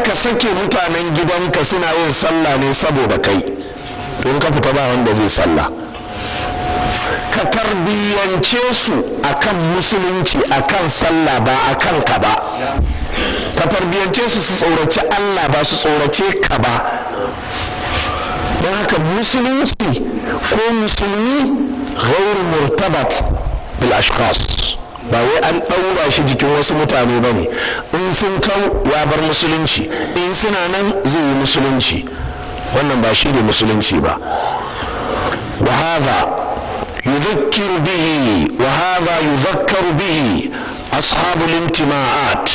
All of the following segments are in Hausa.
ka sake mutanen gidanka suna yin sallah ne saboda kai to ka fita ba wanda zai sallah ka tarbiyyance su akan musulunci akan sallah ba akan ka ba ka tarbiyyance su su tsoraci Allah ba su tsorace ka ba don haka musulunci ko musulmi ghairu murtabat bil ashkhas ba wai an ɗaura shi jikin wasu mutane ba ne in sun kau ya bar musulunci in suna nan zai yi musulunci wannan ba shi ne musulunci ba wa hadha bihi wa hadha yuzakkaru bihi ashabul Timaat,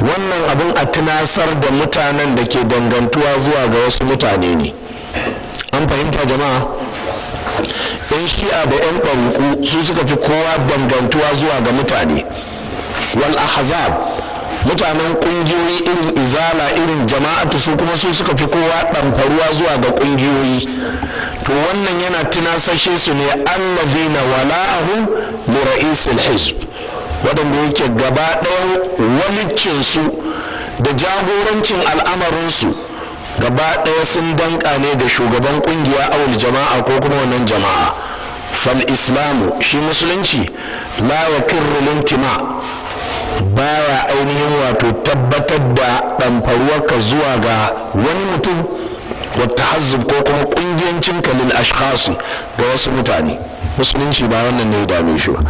wannan abin a tunasar da mutanen da ke dangantuwa zuwa ga wasu mutane ne an fahimta jama'a yan shi'a da yan ɗariƙu su suka fi kowa dangantuwa zuwa ga mutane wal ahzab mutanen ƙungiyoyi irin izala irin jama'atu su kuma su suka fi kowa ɗamfaruwa zuwa ga ƙungiyoyi to wannan yana tunasashe su ne allazina wala'ahum li ra'isil hizb waɗanda yake gaba ɗayan walicinsu da jagorancin al'amarinsu gaba ɗaya sun danka ne da shugaban kungiya awul jama'a ko kuma wannan jama'a fal islamu shi musulunci la yakirru lintima baya ainihin wato tabbatar da ɗamfarwarka zuwa ga wani mutum wata hazzub ko kuma ƙungiyancin kalil ashkhasu ga wasu mutane musulunci ba wannan ne ya dame shi ba